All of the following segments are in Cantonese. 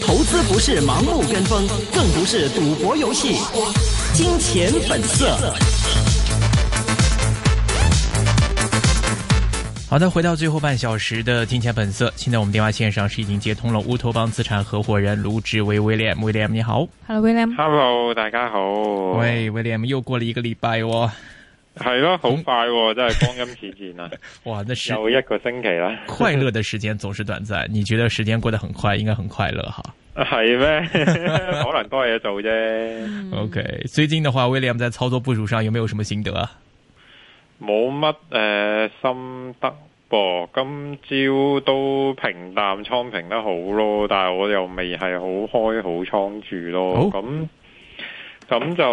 投資不是盲目跟風，更不是賭博遊戲，《金錢本色》。好的，回到最後半小時的《金錢本色》，現在我們電話線上是已經接通了烏托邦資產合伙人盧志威 w i l l 你好，Hello 威廉 h e l l o 大家好，喂威廉又過了一個禮拜哦。係咯、啊，好快、哦、真係光陰似箭啊！ 哇，呢時又一個星期啦。快樂的時間總是短暫， 你覺得時間過得很快，應該很快樂哈？係 咩是嗎？可能多嘢做啫。OK，最近的話，William 在操作部署上有沒有什麼心得？冇乜誒心得噃，今朝都平淡倉平得好咯，但係我又未係好開好倉住咯，咁、oh? 嗯。咁就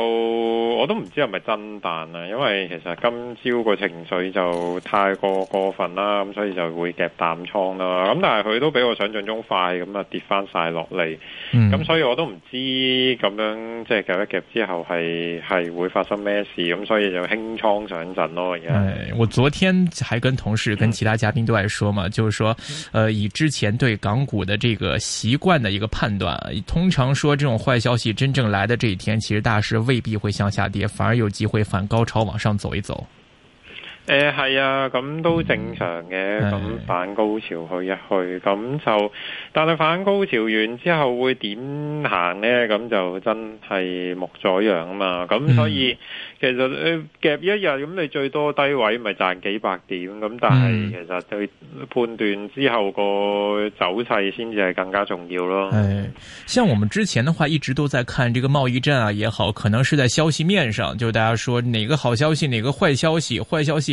我都唔知係咪真彈啦，因為其實今朝個情緒就太過過分啦，咁所以就會夾淡倉啦。咁但係佢都比我想象中快，咁啊跌翻晒落嚟。咁所以我都唔知咁樣即係夾一夾之後係係會發生咩事，咁所以就輕倉上陣咯。而家，哎，我昨天還跟同事跟其他嘉賓都係說嘛，就是說，誒、呃、以之前對港股的這個習慣的一個判斷，通常說這種壞消息真正來的這一天，其實。大市未必會向下跌，反而有機會反高潮往上走一走。誒，係啊，咁都正常嘅，咁、嗯、反高潮去一去，咁就但係反高潮完之後會點行咧？咁就真係木咗樣啊嘛。咁所以、嗯、其實誒、呃、夾一日咁，你最多低位咪賺幾百點咁，但係其實對判斷之後個走勢先至係更加重要咯。係、嗯嗯，像我們之前的話，一直都在看這個貿易戰啊，也好，可能是在消息面上，就大家說哪個好消息，哪個壞消息，壞消息。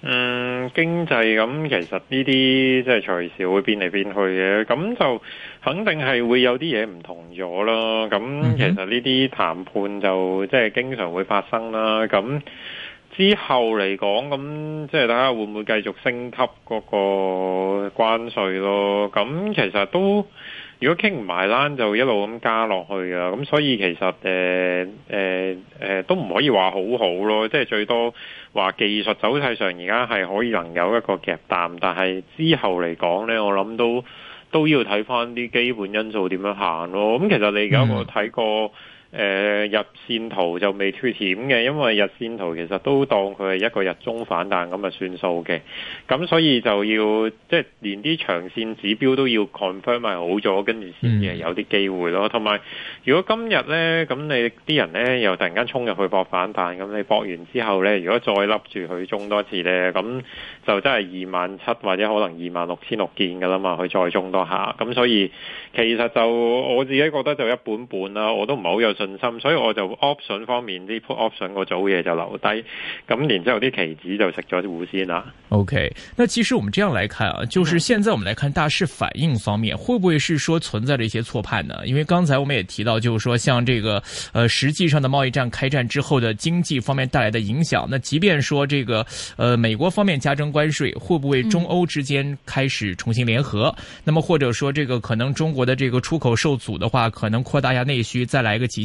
嗯，經濟咁其實呢啲即係隨時會變嚟變去嘅，咁就肯定係會有啲嘢唔同咗啦。咁其實呢啲談判就即係經常會發生啦。咁之後嚟講，咁即係睇下會唔會繼續升級嗰個關稅咯。咁其實都。如果傾唔埋欄，就一路咁加落去㗎。咁所以其實誒誒、呃呃呃、都唔可以話好好咯，即係最多話技術走勢上而家係可以能有一個夾淡，但係之後嚟講呢，我諗都都要睇翻啲基本因素點樣行咯。咁其實你有冇睇過？嗯誒、呃、日線圖就未脱險嘅，因為日線圖其實都當佢係一個日中反彈咁啊算數嘅。咁所以就要即係連啲長線指標都要 confirm 埋好咗，跟住先至係有啲機會咯。同埋如果今日呢，咁你啲人呢又突然間衝入去搏反彈，咁你搏完之後呢，如果再笠住佢中多次呢，咁就真係二萬七或者可能二萬六千六件㗎啦嘛，佢再中多下。咁所以其實就我自己覺得就一本本啦，我都唔係好有信心，所以我就 option 方面啲 put option 個組嘢就留低，咁然之後啲棋子就食咗啲糊先啦。OK，那其實我們這樣來看啊，就是現在我們來看大市反應方面，會不會是說存在着一些錯判呢？因為剛才我們也提到，就是說像這個，呃，實際上的貿易戰開戰之後的經濟方面帶來的影響，那即便說這個，呃，美國方面加徵關稅，會不會中歐之間開始重新聯合、嗯？那麼或者說，這個可能中國的這個出口受阻的話，可能擴大一下內需，再來一個幾？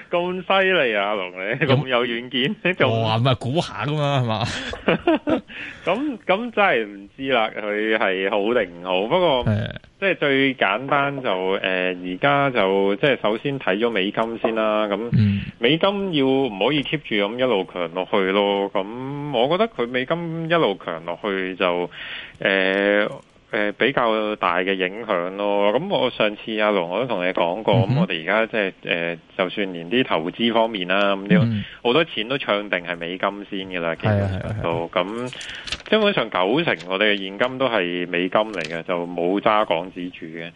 咁犀利啊，阿龍你咁有遠見，哇，咪估下㗎嘛，係嘛？咁咁真係唔知啦。佢係好定唔好？不過即係最簡單就誒，而家就即係首先睇咗美金先啦。咁美金要唔可以 keep 住咁一路強落去咯？咁我覺得佢美金一路強落去就誒。誒、呃，比較大嘅影響咯。咁我上次阿龍我都同你講過，咁、嗯、我哋而家即係誒，就算連啲投資方面啦，咁啲好多錢都唱定係美金先嘅啦，其實係都咁。基本上九成我哋嘅現金都係美金嚟嘅，就冇揸港紙住嘅。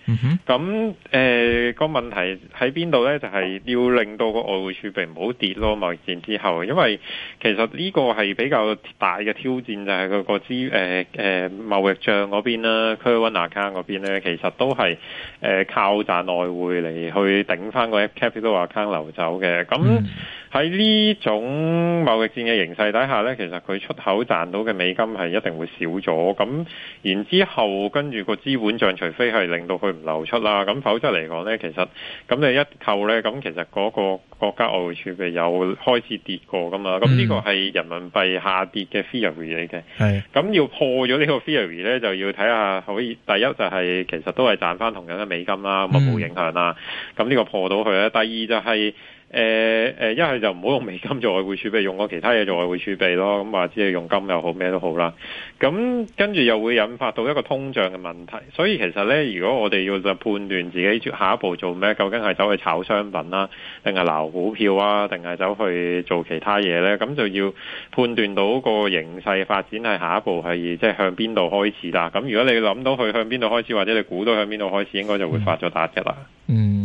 咁、嗯、誒、呃個問題喺邊度呢？就係、是、要令到個外匯儲備唔好跌咯。貿易戰之後，因為其實呢個係比較大嘅挑戰，就係、是、佢、那個資、呃呃、貿易帳嗰邊啦，current account 嗰邊呢，其實都係誒靠賺外匯嚟去頂翻個 capital account 流走嘅。咁喺呢種貿易戰嘅形勢底下呢，其實佢出口賺到嘅美金係一定會少咗，咁然之後跟住個資本賬，除非係令到佢唔流出啦，咁否則嚟講呢，其實咁你一扣呢，咁其實嗰個國家外匯儲備又開始跌過噶嘛，咁呢個係人民幣下跌嘅 theory 嚟嘅，係，咁要破咗呢個 theory 呢，就要睇下可以，第一就係、是、其實都係賺翻同樣嘅美金啦，咁啊冇影響啦，咁、嗯、呢個破到佢咧，第二就係、是。誒、呃、誒，一係就唔好用美金做外匯儲備，用過其他嘢做外匯儲備咯。咁或者係用金又好，咩都好啦。咁跟住又會引發到一個通脹嘅問題。所以其實咧，如果我哋要判斷自己下一步做咩，究竟係走去炒商品啦、啊，定係撈股票啊，定係走去做其他嘢呢？咁就要判斷到個形勢發展係下一步係即係向邊度開始啦。咁如果你諗到佢向邊度開始，或者你估到向邊度開始，應該就會發咗達噶啦。嗯。嗯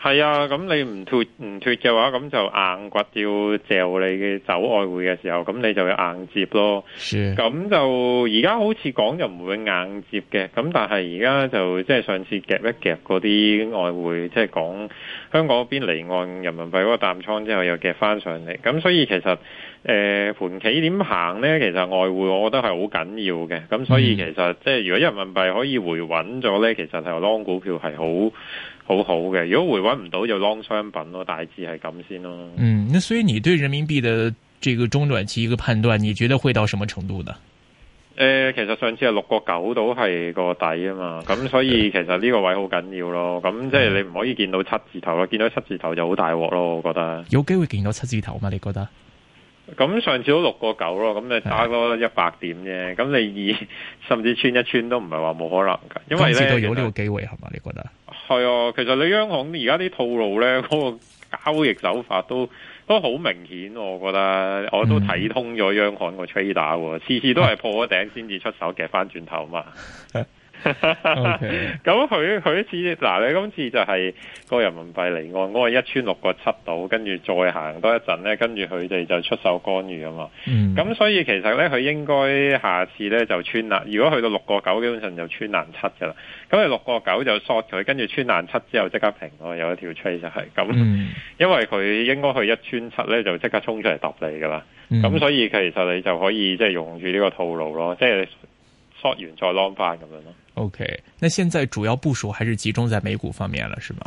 係啊，咁你唔脫唔脫嘅話，咁就硬掘要掉你嘅走外匯嘅時候，咁你就要硬接咯。咁、yeah. 就而家好似講又唔會硬接嘅，咁但係而家就即係、就是、上次夾一夾嗰啲外匯，即係講香港嗰邊離岸人民幣嗰個淡倉之後又夾翻上嚟，咁所以其實誒、呃、盤棋點行呢？其實外匯我覺得係好緊要嘅，咁所以其實、mm. 即係如果人民幣可以回穩咗呢，其實係 long 股票係好。好好嘅，如果回穩唔到就 long 商品咯，大致係咁先咯。嗯，所以你對人民幣的這個中短期一個判斷，你覺得會到什麼程度呢？誒、呃，其實上次係六個九到係個底啊嘛，咁所以其實呢個位好緊要咯。咁即係你唔可以見到七字頭咯、嗯，見到七字頭就好大鑊咯。我覺得有機會見到七字頭嘛？你覺得？咁上次都六個九咯，咁你打多一百點啫。咁你二甚至穿一穿都唔係話冇可能噶。今次都有呢個機會係嘛？你覺得？係啊，其實你央行而家啲套路咧，嗰個交易手法都都好明顯，我覺得我都睇通咗央行個 trader 喎，次次都係破咗頂先至出手，夾翻轉頭嘛。咁佢佢次嗱你今次就係個人民幣離岸嗰、嗰個一穿六個七度，跟住再行多一陣咧，跟住佢哋就出手干預啊嘛。咁、mm. 所以其實咧，佢應該下次咧就穿啦。如果去到六個九，基本上就穿難七噶啦。咁你六個九就 short 佢，跟住穿難七之後即刻停咯，有一條 trade 就係、是、咁。Mm. 因為佢應該去一穿七咧，就即刻衝出嚟揼你噶啦。咁、mm. 所以其實你就可以即係用住呢個套路咯，即係。short 完再 long 翻咁樣咯。OK，那現在主要部署還是集中在美股方面了，是嗎？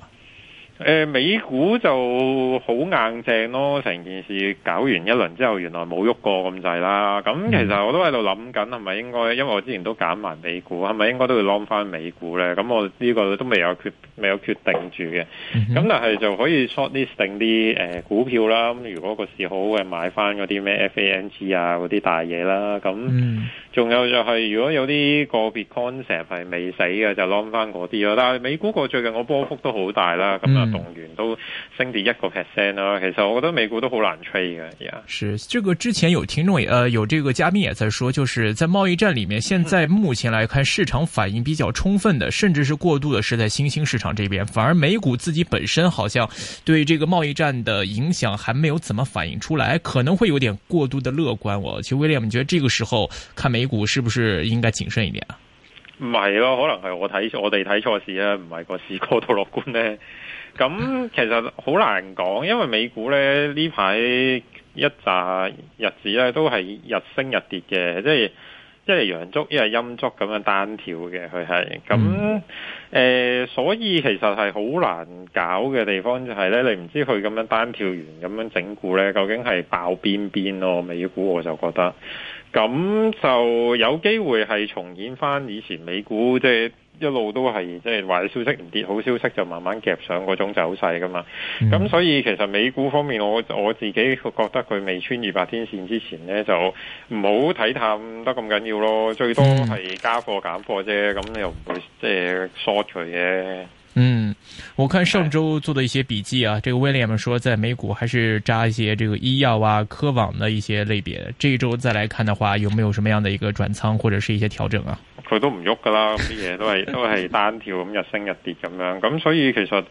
呃、美股就好硬正咯，成件事搞完一輪之後，原來冇喐過咁滯啦。咁其實我都喺度諗緊，係咪應該，因為我之前都揀埋美股，係咪應該都要攞翻美股呢？咁我呢個都未有決未有決定住嘅。咁但係就可以 short list 定啲、呃、股票啦。咁如果個市好嘅，買翻嗰啲咩 FANG 啊嗰啲大嘢啦。咁仲有就係如果有啲個別 concept 係未死嘅，就攞翻嗰啲咯。但係美股個最近我波幅都好大啦，咁啊～能源都升跌一個 percent 啦，其實我覺得美股都好難 trade 嘅。呀，是，這個之前有聽眾，呃有這個嘉賓也在說，就是在貿易戰裏面，現在目前來看，市場反應比較充分的，甚至是過度的，是在新興市場這邊，反而美股自己本身好像對這個貿易戰的影響還沒有怎麼反應出來，可能會有點過度的樂觀哦。我，其實 William，你覺得這個時候看美股是不是應該謹慎一點啊？唔係咯，可能係我睇我哋睇錯市啦，唔係個市過度樂觀咧。咁其實好難講，因為美股呢呢排一扎日子呢都係日升日跌嘅，即係一係陽燭一係陰燭咁樣單調嘅佢係，咁誒、呃、所以其實係好難搞嘅地方就係、是、呢你唔知佢咁樣單跳完咁樣整固呢，究竟係爆邊邊咯？美股我就覺得。咁就有機會係重演返以前美股，即係一路都係即係壞消息唔跌，好消息就慢慢夾上嗰種走勢㗎嘛。咁、嗯、所以其實美股方面，我我自己覺得佢未穿越百天線之前呢，就唔好睇淡得咁緊要咯。最多係加貨減貨啫，咁又唔會即係 short 佢嘅。嗯嗯。我看上周做的一些筆記啊，這個威廉們說在美股還是紮一些這個醫藥啊、科網的一些類別。這一周再來看的話，有沒有什麼樣的一個轉倉或者是一些調整啊？佢都唔喐噶啦，啲嘢都係都係單調咁， 日升日跌咁樣。咁所以其實。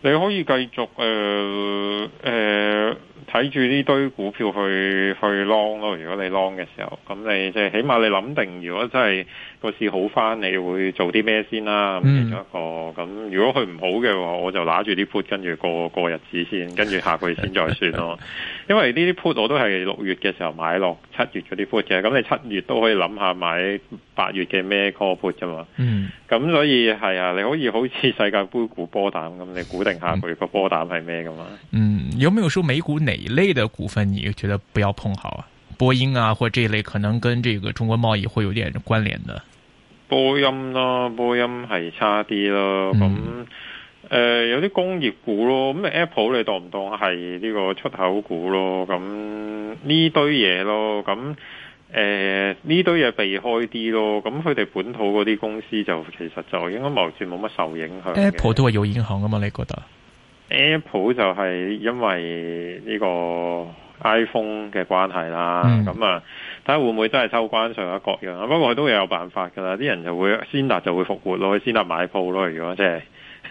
你可以繼續誒誒睇住呢堆股票去去 long 咯。如果你 long 嘅時候，咁你即係起碼你諗定，如果真係個市好返，你會做啲咩先啦？咁、嗯、其中一個，咁如果佢唔好嘅話，我就拿住啲 put 跟住過，過日子先，跟住下個月先再算咯。 因為呢啲 put 我都係六月嘅時候買落，七月嗰啲 put 嘅。咁你七月都可以諗下買八月嘅咩 call put 啫嘛。咁、嗯、所以係啊，你可以好似世界杯估波膽咁，你估。定下佢個波膽係咩噶嘛？嗯，有冇有說美股哪一類嘅股份你覺得不要碰好啊？波音啊，或者這一類可能跟這個中國貿易會有點關聯的。波音啦，啊，波音係差啲咯。咁、嗯、誒、嗯嗯呃，有啲工業股咯。咁 Apple 你當唔當係呢個出口股咯？咁呢堆嘢咯，咁。誒、呃，呢堆嘢避開啲咯，咁佢哋本土嗰啲公司就其實就應該望住冇乜受影響。Apple 都係有影響噶嘛？你覺得？Apple 就係因為呢個 iPhone 嘅關係啦，咁、嗯、啊，睇下會唔會真係收關上一個樣。不過佢都會有辦法噶啦，啲人就會先達就會復活咯，去先達買鋪咯。如果即係，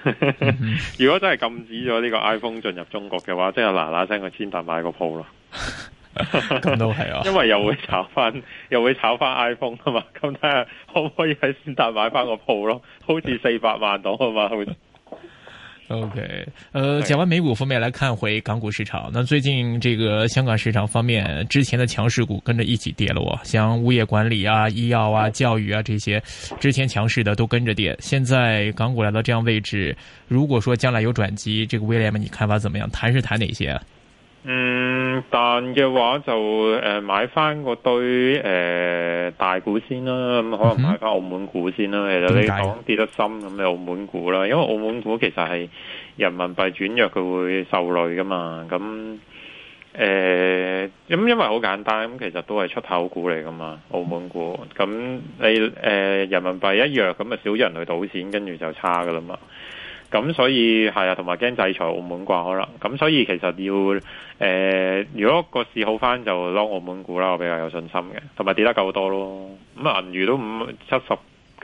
嗯嗯 如果真係禁止咗呢個 iPhone 進入中國嘅話，即係嗱嗱聲去先達買個鋪咯。 咁 都係是啊， 因為又會炒翻， 又會炒翻 iPhone 啊嘛，咁睇下可唔可以喺先達買翻個鋪咯，好似四百萬到啊嘛。 好、okay, K，呃講完美股方面，來看回港股市場。那最近這個香港市場方面，之前的強勢股跟着一起跌落，像物業管理啊、醫藥啊、教育啊這些之前強勢的都跟着跌。現在港股來到這樣位置，如果說將來有轉機，這個 William，你看法怎麼樣？談是談哪些？嗯，但嘅話就誒、呃、買翻堆誒大股先啦，咁可能買翻澳門股先啦。其實你講跌得深咁，就澳門股啦，因為澳門股其實係人民幣轉弱佢會受累噶嘛。咁誒咁因為好簡單，咁其實都係出口股嚟噶嘛，澳門股。咁你誒、呃、人民幣一弱，咁咪少人去賭錢，跟住就差噶啦嘛。咁所以係啊，同埋驚制裁澳門啩，可能咁所以其實要誒、呃，如果個市好翻就撈澳門股啦，我比較有信心嘅，同埋跌得夠多咯。咁銀娛都五七十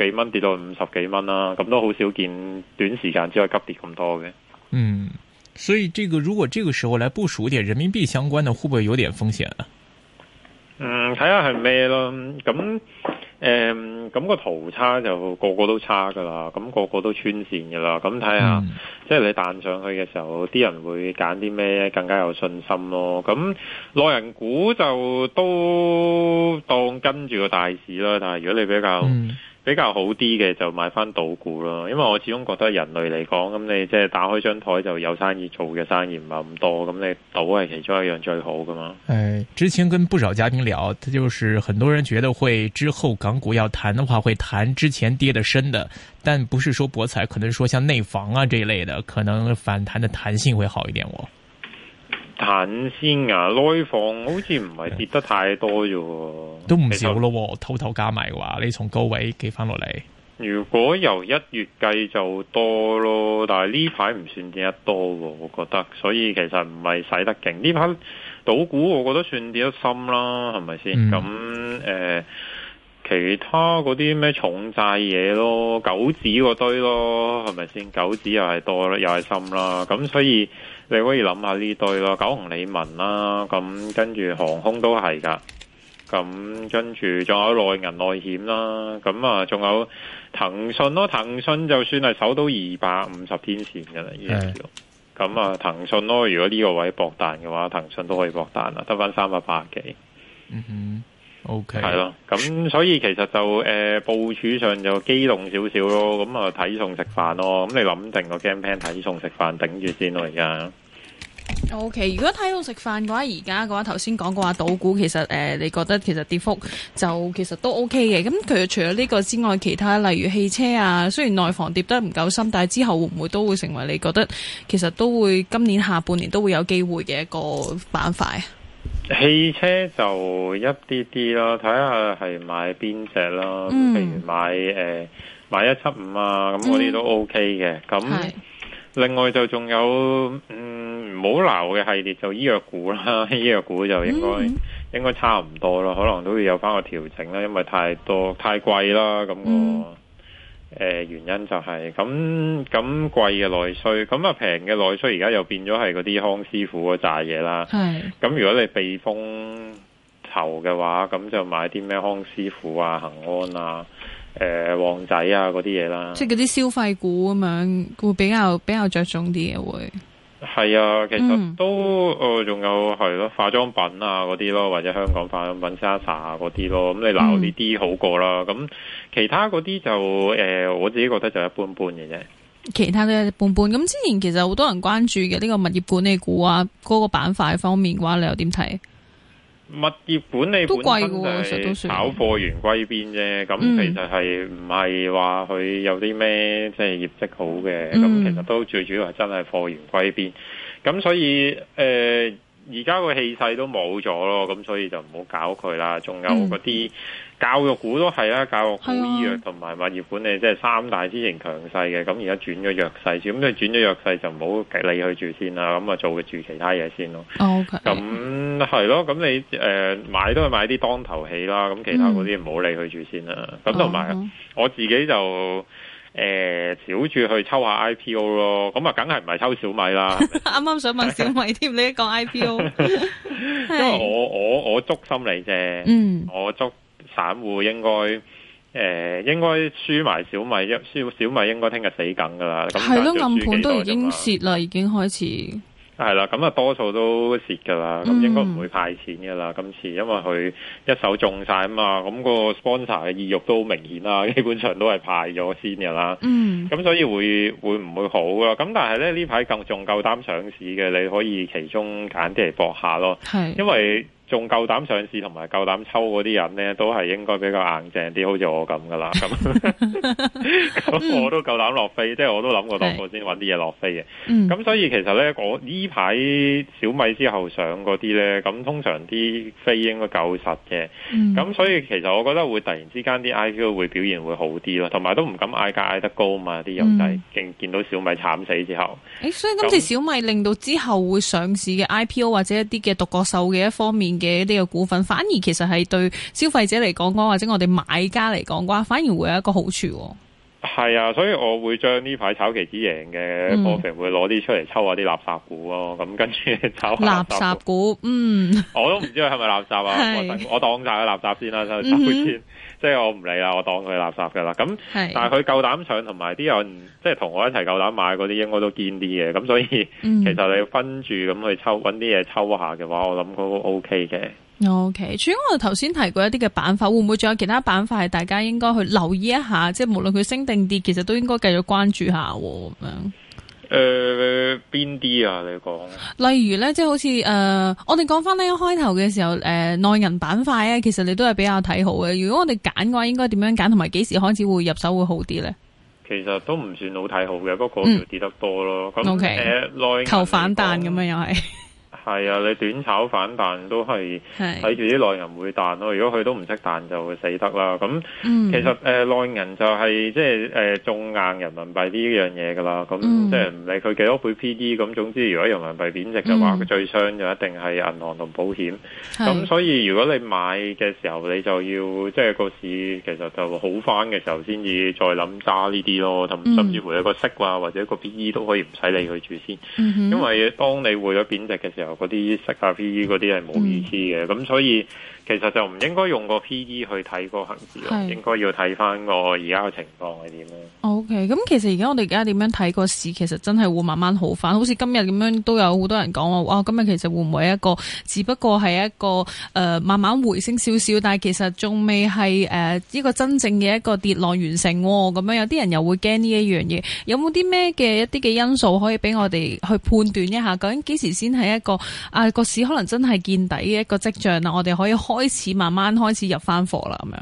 幾蚊跌到五十幾蚊啦，啊，咁都好少見短時間之內急跌咁多嘅。嗯，所以這個如果這個時候來部署一點人民幣相關的，會不會有點風險啊？嗯，睇下係咩咯，咁。誒、嗯、咁、個圖差就個個都差㗎啦，咁個個都穿線㗎啦，咁睇下，嗯、即係你彈上去嘅時候，啲人會揀啲咩更加有信心咯。咁內人股就都當跟住個大市啦，但係如果你比較，嗯比較好啲嘅就買返賭股咯，因為我始終覺得人類嚟講，咁你即係打開張台就有生意做嘅生意唔係咁多，咁你賭係其中一樣最好噶嘛。誒，之前跟不少嘉賓聊，佢就是很多人覺得會之後港股要彈的話，會彈之前跌得深的，但不是說博彩，可能說像內房啊這一類的，可能反彈的彈性會好一點。哦行先啊，內房好似唔係跌得太多啫，都唔少咯。我偷偷加埋嘅話，你從高位寄翻落嚟，如果由一月計就多咯，但係呢排唔算跌得多，我覺得，所以其實唔係洗得勁。呢排賭股我覺得算跌得深啦，係咪先？咁、嗯、誒、呃，其他嗰啲咩重債嘢咯，九子嗰堆咯，係咪先？九子又係多咯，又係深啦，咁所以。你可以諗下呢對咯，九鴻李文啦，咁跟住航空都係噶，咁跟住仲有內銀內險啦，咁啊仲有騰訊咯，騰訊就算係守到二百五十天線嘅啦，咁啊騰訊咯，如果呢個位博彈嘅話，騰訊都可以博彈啦，得翻三百八幾。嗯哼。O K. 係咯，咁所以其實就誒、呃、部署上就機動少少咯，咁啊睇餸食飯咯，咁你諗定個 game plan 睇餸食飯頂住先咯而家。O K. 如果睇到食飯嘅話，而家嘅話頭先講過話，賭股其實誒、呃，你覺得其實跌幅就其實都 O K. 嘅，咁其實除咗呢個之外，其他例如汽車啊，雖然內房跌得唔夠深，但係之後會唔會都會成為你覺得其實都會今年下半年都會有機會嘅一個板塊？汽車就一啲啲啦睇下係買邊隻啦、嗯、譬如買誒、呃、買一七五啊，咁我哋都 OK 嘅。咁、嗯、另外就仲有，唔好流嘅系列就醫藥股啦，醫、這、藥、個、股就應該、嗯、應該差唔多啦可能都要有翻個調整啦，因為太多太貴啦，咁、那個。嗯誒、呃，原因就係咁咁貴嘅內需，咁啊平嘅內需而家又變咗係嗰啲康師傅嘅炸嘢啦。係，咁如果你避風頭嘅話，咁就買啲咩康師傅啊、恒安啊、誒、呃、旺仔啊嗰啲嘢啦。即係嗰啲消費股咁樣，會比較比較着重啲嘢會。係啊，其實都誒，仲、嗯、呃、有係咯、啊，化妝品啊嗰啲咯，或者香港化妝品、莎莎啊嗰啲咯，咁你鬧呢啲好過啦。咁、嗯、其他嗰啲就誒、呃，我自己覺得就一般般嘅啫。其他都一般般。咁之前其實好多人關注嘅呢、這個物業管理股啊，嗰、那個板塊方面嘅話，你又點睇？物業管理本身就靠貨源歸邊啫，咁其實係唔係話佢有啲咩即係業績好嘅，咁其實都最主要係真係貨源歸邊，咁所以誒。呃而家個氣勢都冇咗咯，咁所以就唔好搞佢啦。仲有嗰啲教育股都係啦，嗯，教育股醫藥、醫藥同埋物業管理，即、就、係、是、三大之前強勢嘅，咁而家轉咗弱勢。咁你轉咗弱勢就唔好理佢住先啦。咁啊做佢住其他嘢先咯。咁係咯。咁、okay, 你誒、呃、買都係買啲當頭起啦。咁其他嗰啲唔好理佢住先啦。咁同埋我自己就。誒、欸，少住去抽下 IPO 咯，咁啊，梗係唔係抽小米啦。啱 啱想問小米添， 你一說講 IPO， 因為我我我捉心理啫，嗯，我捉散戶應該誒、欸，應該輸埋小米，一輸小米應該聽日死梗噶啦。咁係咯，暗盤都已經蝕啦，已經開始。係啦，咁啊多數都蝕噶啦，咁應該唔會派錢噶啦、嗯。今次因為佢一手中晒啊嘛，咁個 sponsor 嘅意欲都好明顯啦，基本上都係派咗先噶啦。嗯，咁所以會會唔會好噶？咁但係咧呢排更仲夠膽上市嘅，你可以其中揀啲嚟搏下咯。係，因為。仲夠膽上市同埋夠膽抽嗰啲人咧，都係應該比較硬淨啲，好似我咁㗎喇。咁、 嗯、 我都夠膽落飛，即係我都諗過落過先揾啲嘢落飛嘅。咁、嗯、所以其實咧，我呢排小米之後上嗰啲咧，咁通常啲飛應該夠實嘅。咁、嗯、所以其實我覺得會突然之間啲 IPO 會表現會好啲咯，同埋都唔敢嗌價嗌得高嘛。啲友仔見見到小米慘死之後，誒、欸，所以今次小米令到之後會上市嘅 IPO 或者一啲嘅獨角獸嘅一方面。嘅呢個股份反而其實係對消費者嚟講，或或者我哋買家嚟講，話，反而會有一個好處。係啊，所以我會將呢排炒期指贏嘅波平會攞啲出嚟抽下啲垃圾股咯。咁跟住炒垃，垃圾股，嗯，我都唔知佢係咪垃圾啊， 我當晒佢垃圾先啦，先。嗯嗯即係我唔理啦，我當佢垃圾㗎啦。咁，但係佢夠膽上，同埋啲人即係同我一齊夠膽買嗰啲，應該都堅啲嘅。咁所以、嗯，其實你要分住咁去抽，搵啲嘢抽下嘅話，我諗都 OK 嘅。OK，主要我哋頭先提過一啲嘅板塊，會唔會仲有其他板塊大家應該去留意一下？即係無論佢升定跌，其實都應該繼續關注下咁樣。誒、呃，邊啲啊？你講，例如咧，即係好似誒、呃，我哋講翻呢一開頭嘅時候，誒、呃，內銀板塊呢，其實你都係比較睇好嘅。如果我哋揀嘅話，應該點樣揀？同埋幾時開始會入手會好啲咧？其實都唔算好睇好嘅，不過跌得多咯。咁、嗯、誒，內、okay，呃、求反彈咁樣又係。 係啊，你短炒反彈都係睇住啲內銀會彈咯。如果佢都唔識彈就會，就死得啦。咁、嗯、其實、呃、內銀就係即係誒中硬人民幣呢樣嘢噶啦。咁、嗯嗯、即係唔理佢幾多倍 P E，咁總之如果人民幣貶值嘅話、嗯，最傷就一定係銀行同保險。咁、嗯、所以如果你買嘅時候，你就要即係個市其實就好翻嘅時候，先至再諗揸呢啲咯。同甚至乎有個息啊，或者一個 P E 都可以唔使理佢住先、嗯，因為當你匯咗貶值嘅時候。嗰啲市價，P E 嗰啲係冇意思嘅，咁、嗯、所以。其實就唔應該用個 PE 去睇個恒指，應該要睇翻個而家嘅情況係點樣。O K，咁其實而家我哋而家點樣睇個市？其實真係會慢慢好翻，好似今日咁樣都有好多人講話，哇！今日其實會唔會一個只不過係一個誒、呃、慢慢回升少少，但係其實仲未係誒呢個真正嘅一個跌浪完成咁、喔、樣。有啲人又會驚呢一樣嘢，有冇啲咩嘅一啲嘅因素可以俾我哋去判斷一下，究竟幾時先係一個啊個市可能真係見底嘅一個跡象我哋可以開始慢慢開始入翻貨啦，咁樣。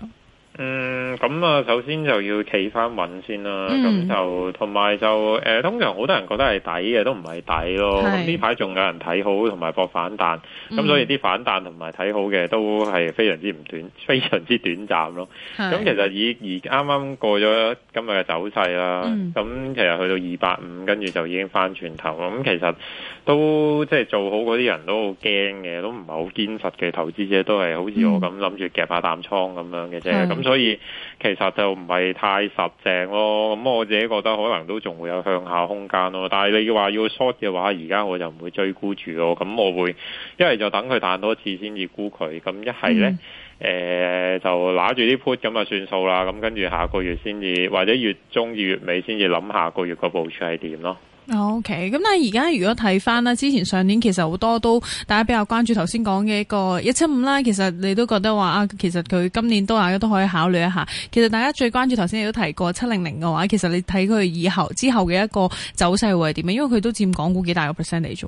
嗯，咁啊，首先就要企翻穩先啦。咁、嗯、就同埋就誒、呃，通常好多人覺得係抵嘅，都唔係抵咯。咁呢排仲有人睇好同埋博反彈，咁、嗯、所以啲反彈同埋睇好嘅都係非常之唔短，非常之短暫咯。咁其實以而啱啱過咗今日嘅走勢啦，咁、嗯、其實去到二百五，跟住就已經翻轉頭。咁其實都即係、就是、做好嗰啲人都好驚嘅，都唔係好堅實嘅投資者都係好似我咁諗住夾下淡倉咁樣嘅啫。咁咁所以其實就唔係太實正咯，咁我自己覺得可能都仲會有向下空間咯。但係你話要 short 嘅話，而家我就唔會追沽住咯。咁我會一係就等佢彈多次先至沽佢，咁一係咧誒就拿住啲 put 咁啊算數啦。咁跟住下個月先至，或者月中、月尾先至諗下個月個部署係點咯。O K，咁但係而家如果睇翻啦，之前上年其實好多都，大家比較關注頭先講嘅一個一七五啦，其實你都覺得話啊，其實佢今年都大家都可以考慮一下。其實大家最關注頭先亦都提過七零零嘅話，其實你睇佢以後之後嘅一個走勢會係點樣啊？因為佢都佔港股幾大個 percent 嚟咗。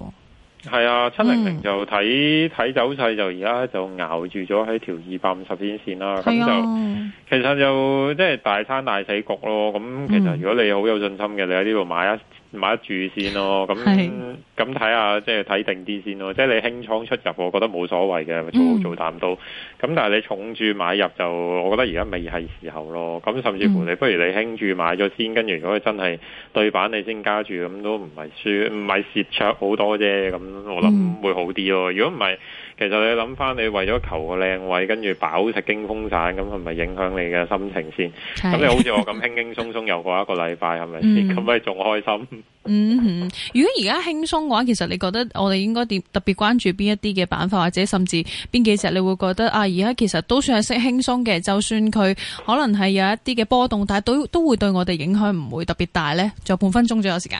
係啊，七零零就睇睇、嗯、走勢就就，啊、就而家就熬住咗喺條二百五十天線啦。咁就其實就即係、就是、大山大死局咯。咁其實如果你好有信心嘅，你喺呢度買一。買得住先咯，咁咁睇下即係睇定啲先咯。即係你輕倉出入，我覺得冇所謂嘅，做好做淡都。咁但係你重注買入就，我覺得而家未係時候咯。咁甚至乎你不如你輕注買咗先，跟住如果真係對版你先加注，咁都唔係輸，唔係蝕灼好多啫。咁我諗會好啲咯。如果唔係，其實你諗翻，你為咗求個靚位，跟住飽食驚風散，咁係咪影響你嘅心情先？咁 你好似我咁輕輕鬆鬆又過一個禮拜，係 咪？咁咪仲開心？嗯哼，如果而家輕鬆嘅話，其實你覺得我哋應該點？特別關注邊一啲嘅板塊，或者甚至邊幾隻？你會覺得啊，而家其實都算係識輕鬆嘅，就算佢可能係有一啲嘅波動，但係都都會對我哋影響唔會特別大呢。仲有半分鐘左右時間。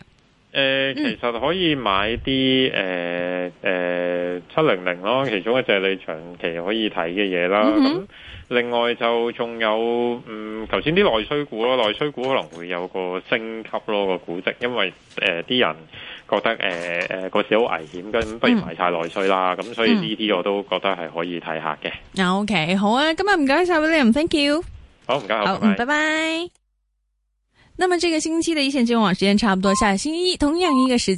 誒、呃嗯，其實可以買啲誒誒七零零咯，其中一隻你長期可以睇嘅嘢啦。咁、嗯、另外就仲有，嗯，頭先啲內需股咯，內需股可能會有個升級咯個估值，因為誒啲、呃、人覺得誒誒嗰時好危險，咁不如買晒內需啦。咁、嗯、所以呢啲我都覺得係可以睇下嘅、嗯。OK，好啊，今日唔該晒你，thank you。好，唔該，好，拜拜。拜拜拜拜那麼這個星期的一線金融網時間差不多，下星期一同樣一個時間。